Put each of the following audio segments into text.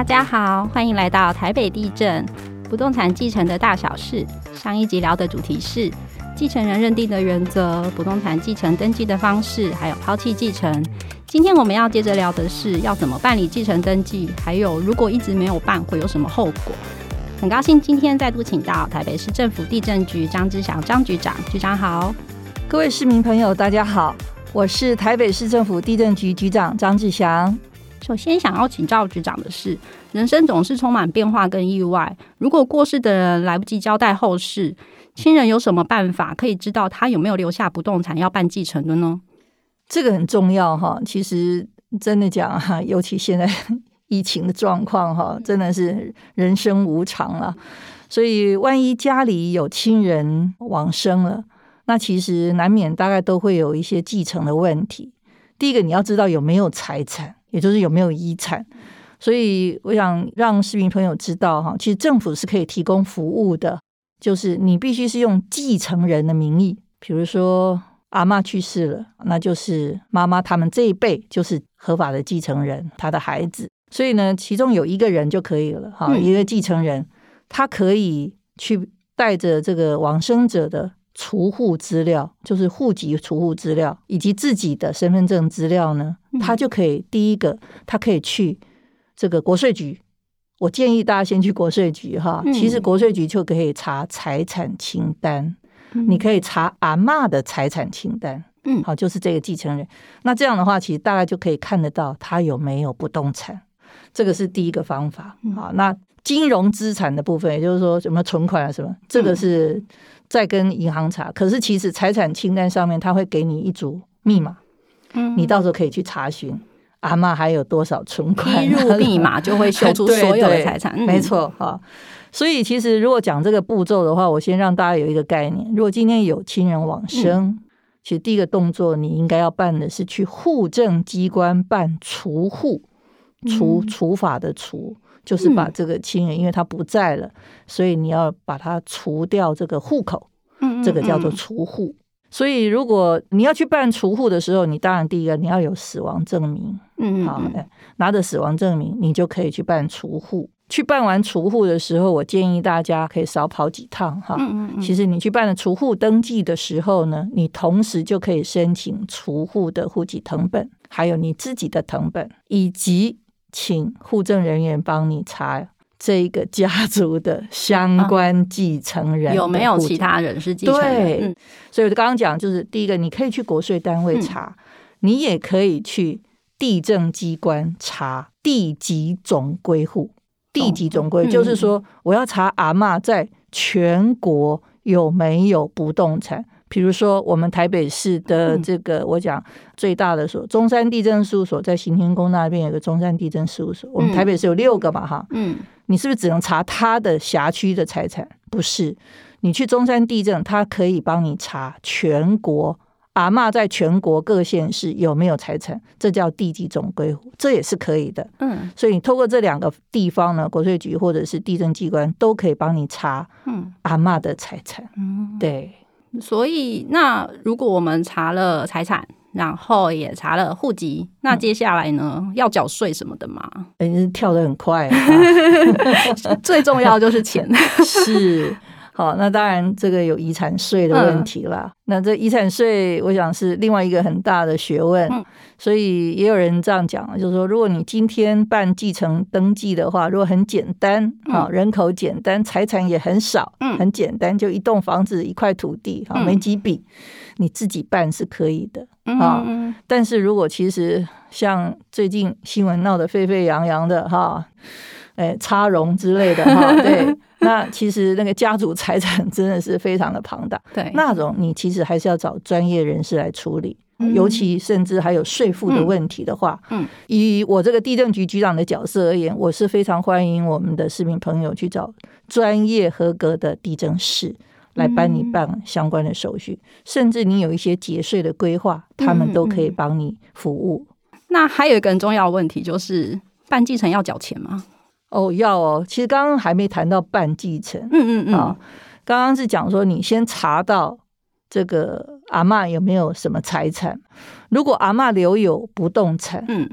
大家好，歡迎來到台北地政不動產繼承的大小事。上一集聊的主題是繼承人認定的原則、不動產繼承登記的方式，還有拋棄繼承。今天我們要接着聊的是要怎麼辦理繼承登記，還有如果一直沒有辦，會有什麼後果。很高興今天再度請到台北市政府地政局張治祥張局長，局長好，各位市民朋友大家好，我是台北市政府地政局局長張治祥。首先想要請張局長的是，人生總是充滿變化跟意外。如果過世的人來不及交代後事，親人有什麼辦法可以知道他有沒有留下不動產要辦繼承的呢？這個很重要哈。其實真的講哈，尤其現在疫情的狀況哈，真的是人生無常了。所以萬一家裡有親人往生了，那其實難免大概都會有一些繼承的問題。第一個你要知道有沒有財產。也就是有沒有遺產，所以我想讓市民朋友知道哈，其實政府是可以提供服務的，就是你必須是用繼承人的名義，比如說阿嬤去世了，那就是媽媽他們這一輩就是合法的繼承人，他的孩子，所以呢，其中有一個人就可以了哈，一個繼承人，他可以去帶着這個往生者的、除戶資料就是戶籍除戶資料，以及自己的身份證資料呢，嗯、他就可以第一個，他可以去這個國稅局。我建議大家先去國稅局哈，嗯、其實國稅局就可以查財產清單，嗯、你可以查阿嬤的財產清單。嗯，好，就是這個繼承人。那這樣的話，其實大家就可以看得到他有沒有不動產。這個是第一個方法好。那金融資產的部分，也就是說什麼存款啊什麼，這個是、嗯。再跟銀行查，可是其實財產清單上面他會給你一組密碼，嗯、你到時候可以去查詢阿嬤還有多少存款，一入密碼就會搜出所有的財產，對對，嗯、沒錯哈。所以其實如果講這個步驟的話，我先讓大家有一個概念。如果今天有親人往生，嗯、其實第一個動作你應該要辦的是去戶政機關辦除戶，除除、嗯、法的除。就是把這個親人，嗯、因為他不在了，所以你要把他除掉這個戶口，嗯嗯、這個叫做除戶。所以，如果你要去辦除戶的時候，你當然第一個你要有死亡證明。好嗯好的，嗯、拿着死亡證明，你就可以去辦除戶。去辦完除戶的時候，我建議大家可以少跑幾趟哈。嗯嗯、其實你去辦了除戶登記的時候呢，你同時就可以申請除戶的戶籍謄本，還有你自己的謄本以及。請戶政人員幫你查這個家族的相關繼承人，嗯啊、有沒有其他人是繼承人。對，所以，我剛剛講就是第一個，你可以去國稅單位查，嗯、你也可以去地政機關查地籍總歸戶。地籍總歸、嗯、就是說，我要查阿嬤在全國有沒有不動產。比如說，我們台北市的這個，我講最大的所，中山地政事務所在行天宮那邊有一個中山地政事務所。我們台北市有六個嘛，哈。你是不是只能查他的轄區的財產？不是，你去中山地政，它可以幫你查全國阿媽在全國各縣市有沒有財產，這叫地籍總歸戶，這也是可以的。嗯。所以你通過這兩個地方呢，國稅局或者是地政機關都可以幫你查。阿媽的財產。嗯。對。所以，那如果我們查了財產，然後也查了戶籍，那接下來呢？嗯、要繳稅什麼的嗎？嗯、欸，跳得很快，啊， 最重要的就是錢， 是。哦，那當然，這個有遺產稅的問題了。嗯、那這遺產稅，我想是另外一個很大的學問。嗯、所以也有人這樣講，就是說，如果你今天辦繼承登記的話，如果很簡單，啊、嗯哦，人口簡單，財產也很少，嗯、很簡單，就一棟房子、一塊土地，啊、哦，沒幾筆，你自己辦是可以的，啊。但是如果其實像最近新聞鬧得沸沸揚揚的，哈、哦，哎、欸，插融之類的，哈、哦，對。 那其實那個家族財產真的是非常的龐大，對那種你其實還是要找專業人士來處理，嗯、尤其甚至還有稅負的問題的話，嗯，嗯以我這個地震局局長的角色而言，我是非常歡迎我們的市民朋友去找專業合格的地政士來幫你辦相關的手續，嗯、甚至你有一些節稅的規劃，他們都可以幫你服務。那還有一個很重要的問題就是辦繼承要繳錢嗎？哦，要哦，其實剛剛還沒談到辦繼承。嗯嗯嗯，啊、嗯，剛、嗯、剛、哦、是講說你先查到這個阿嬤有沒有什麼財產，如果阿嬤留有不動產，嗯，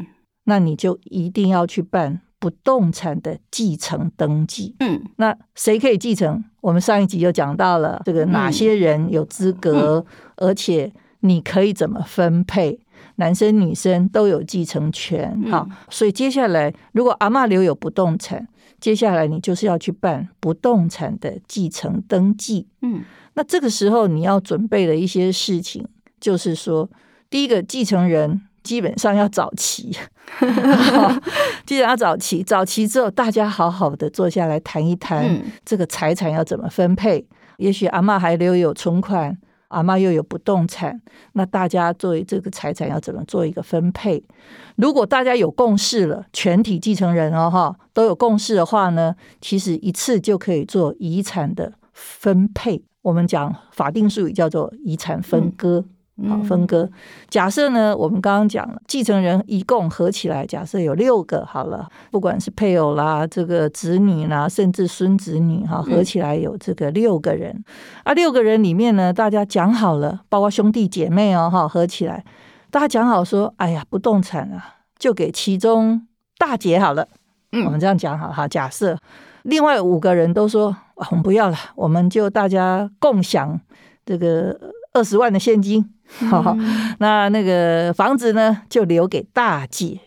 那你就一定要去辦不動產的繼承登記。嗯，那誰可以繼承？我們上一集就講到了這個哪些人有資格，嗯嗯、而且。你可以怎麼分配？男生女生都有繼承權，哈、嗯哦、所以接下來如果阿嬤留有不動產，接下來你就是要去辦不動產的繼承登記。嗯，那這個時候你要準備的一些事情，就是說，第一個繼承人基本上要找齊、 哦，既然要找齊，找齊之後，大家好好的坐下來談一談這個財產要怎麼分配。嗯、也許阿嬤還留有存款。阿嬤又有不動產，那大家作為這個財產要怎麼做一個分配？如果大家有共識了，全體繼承人哦哈，都有共識的話呢，其實一次就可以做遺產的分配。我們講法定術語叫做遺產分割。嗯好，分割，假設呢，我們剛剛講了，繼承人一共合起來，假設有六個好了，不管是配偶啦，這個子女啦，甚至孫子女哈，合起來有這個六個人，嗯、啊，六個人裡面呢，大家講好了，包括兄弟姐妹哦，哈，合起來，大家講好說，哎呀，不動產啊，就給其中大姐好了，嗯、我們這樣講好，好，假設另外五個人都說、啊、我們不要了，我們就大家共享這個。二十萬的現金，嗯哦，那那個房子呢，就留給大姐，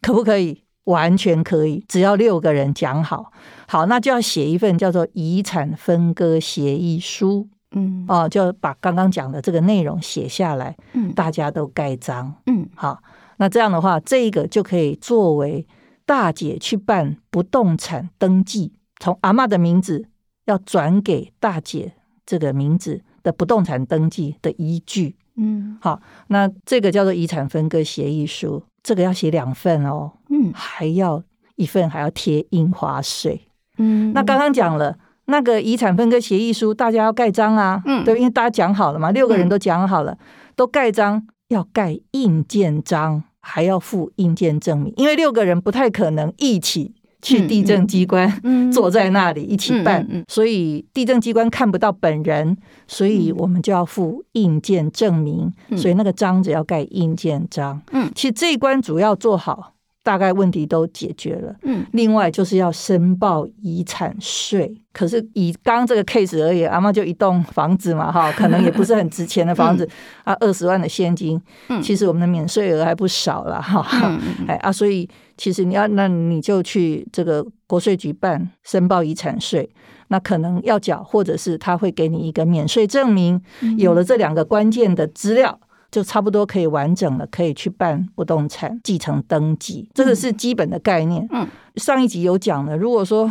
可不可以？完全可以，只要六個人講好，好，那就要寫一份叫做遺產分割協議書，嗯，哦，就把剛剛講的這個內容寫下來，嗯，大家都蓋章，嗯，好，哦，那這樣的話，這個就可以作為大姐去辦不動產登記，從阿嬤的名字要轉給大姐這個名字，.的不動產登記的依據，嗯，好，那這個叫做遺產分割協議書，這個要寫兩份哦，嗯，還要一份還要貼印花稅、嗯，嗯，那剛剛講了那個遺產分割協議書，大家要蓋章啊，嗯，對，對，因為大家講好了嘛，六個人都講好了，嗯、都蓋章，要蓋印鑑章，還要附印鑑證明，因為六個人不太可能一起。去地政機關、嗯，嗯、坐在那裡一起辦，嗯嗯嗯、所以地政機關看不到本人，所以我們就要附印鑑證明，嗯、所以那個章子要蓋印鑑章。嗯，其實這一關主要做好。大概問題都解決了，另外就是要申報遺產稅。可是以剛剛這個 case 而言，阿媽就一棟房子嘛，哈，可能也不是很值錢的房子，啊，二十萬的現金，其實我們的免稅額還不少啦，哈，哎啊，所以其實你要，那你就去這個國稅局辦申報遺產稅，那可能要繳，或者是他會給你一個免稅證明，有了這兩個關鍵的資料。就差不多可以完整了，可以去辦不動產繼承登記，這個是基本的概念。嗯，嗯，上一集有講了。如果說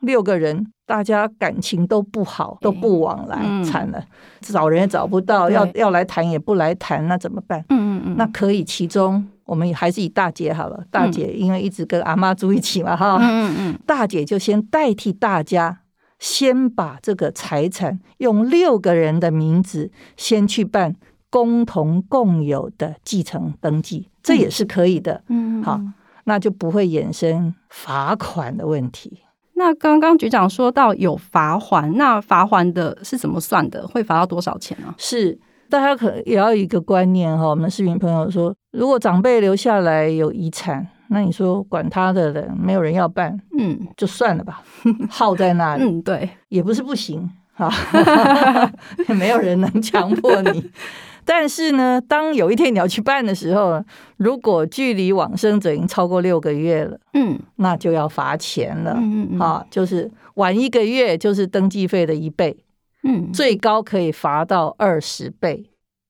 六個人大家感情都不好，都不往來，欸、慘了，嗯、找人也找不到，嗯、要對要來談也不來談，那怎麼辦？嗯嗯嗯，嗯嗯，那可以，其中我們還是以大姐好了，大姐因為一直跟阿媽住一起嘛，哈、嗯，嗯嗯，大姐就先代替大家，先把這個財產用六個人的名字先去辦。共同共有的繼承登記，這也是可以的，嗯，好，那就不會衍生罰款的問題。那剛剛局長說到有罰鍰，那罰鍰的是怎麼算的？會罰到多少錢呢？啊？是大家可也要有一個觀念哈。我們的市民朋友說，如果長輩留下來有遺產，那你說管他的人，人沒有人要辦，嗯，就算了吧，呵呵耗在那裡，嗯，對，也不是不行，哈， 沒有人能強迫你。 但是呢，當有一天你要去辦的時候，如果距離往生者已經超過六個月了，嗯，那就要罰錢了。嗯嗯啊，就是晚一個月就是登記費的一倍。嗯。最高可以罰到二十倍。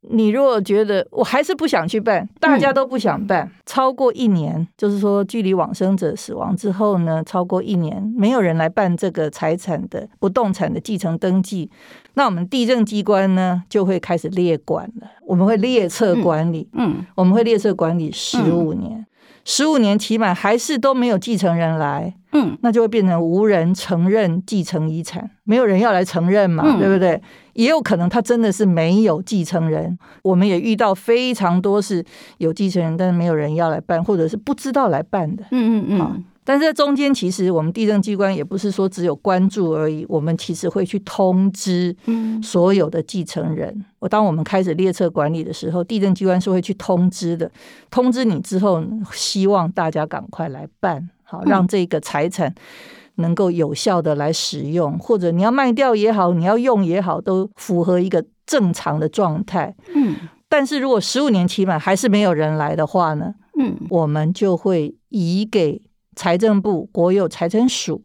你如果覺得我還是不想去辦，大家都不想辦，嗯、超過一年，就是說距離往生者死亡之後呢，超過一年，沒有人來辦這個財產的不動產的繼承登記。那我們地政機關呢，就會開始列管了。我們會列冊管理，嗯，嗯我們會列冊管理十五年，十五年起碼還是都沒有繼承人來嗯，那就會變成無人承認繼承遺產，沒有人要來承認嘛，嗯、對不對？也有可能他真的是沒有繼承人，我們也遇到非常多是有繼承人，但是沒有人要來辦，或者是不知道來辦的。嗯嗯嗯。嗯但是在中間其實我們地政機關也不是說只有關注而已，我們其實會去通知所有的繼承人。我、嗯、當我們開始列冊管理的時候，地政機關是會去通知的，通知你之後，希望大家趕快來辦。好，讓這個財產能夠有效的來使用，嗯、或者你要賣掉也好，你要用也好，都符合一個正常的狀態。嗯，但是如果十五年期滿還是沒有人來的話呢？嗯，我們就會移給財政部國有財產署，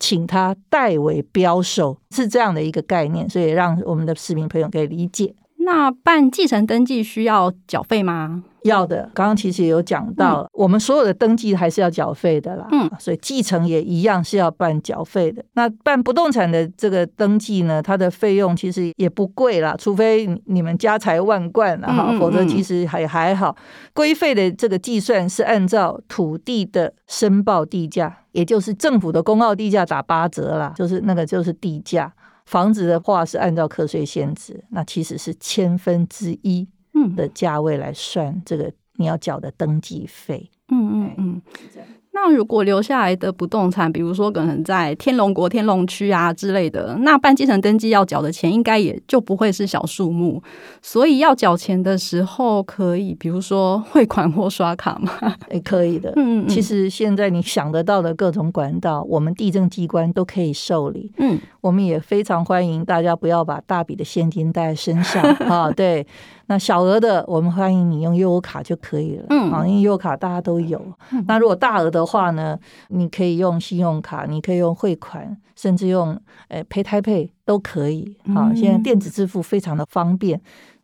請他代為標售，是這樣的一個概念，所以讓我們的市民朋友可以理解。那辦繼承登記需要繳費嗎？要的，剛剛其實也有講到，嗯、我們所有的登記還是要繳費的啦。嗯，所以繼承也一樣是要辦繳費的。那辦不動產的這個登記呢，它的費用其實也不貴啦，除非你們家財萬貫了哈，嗯嗯嗯，否則其實還還好。規費的這個計算是按照土地的申報地價，也就是政府的公告地價打八折啦，就是那個就是地價。房子的話是按照課稅現值，那其實是千分之一的價位來算這個你要繳的登記費。嗯嗯嗯。Okay. 嗯那如果留下來的不動產，比如說可能在天龍國天龍區啊之類的，那辦繼承登記要繳的錢，應該也就不會是小數目。所以要繳錢的時候，可以比如說匯款或刷卡嗎？也、欸、可以的。嗯，嗯其實現在你想得到的各種管道，我們地政機關都可以受理。嗯，我們也非常歡迎大家不要把大筆的現金帶身上啊、 哦。對。那小額的，我們歡迎你用悠遊卡就可以了，嗯，因為悠遊卡大家都有。那如果大額的話呢，你可以用信用卡，你可以用匯款，甚至用呃胚胎配都可以。好，現在電子支付非常的方便，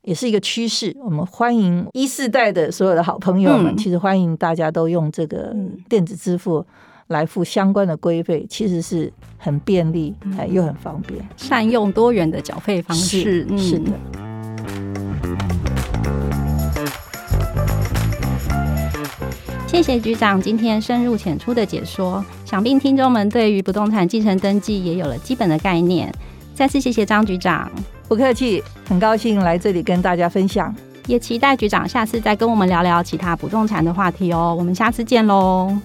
也是一個趨勢。我們歡迎一世代的所有的好朋友們，其實歡迎大家都用這個電子支付來付相關的規費，其實是很便利、哎，又很方便。善用多元的繳費方式，是，嗯、是的。謝謝局長今天深入淺出的解說，想必聽眾們對於不動產繼承登記也有了基本的概念。再次謝謝張局長。不客氣，很高興來這裡跟大家分享，也期待局長下次再跟我們聊聊其他不動產的話題哦。我們下次見嘍。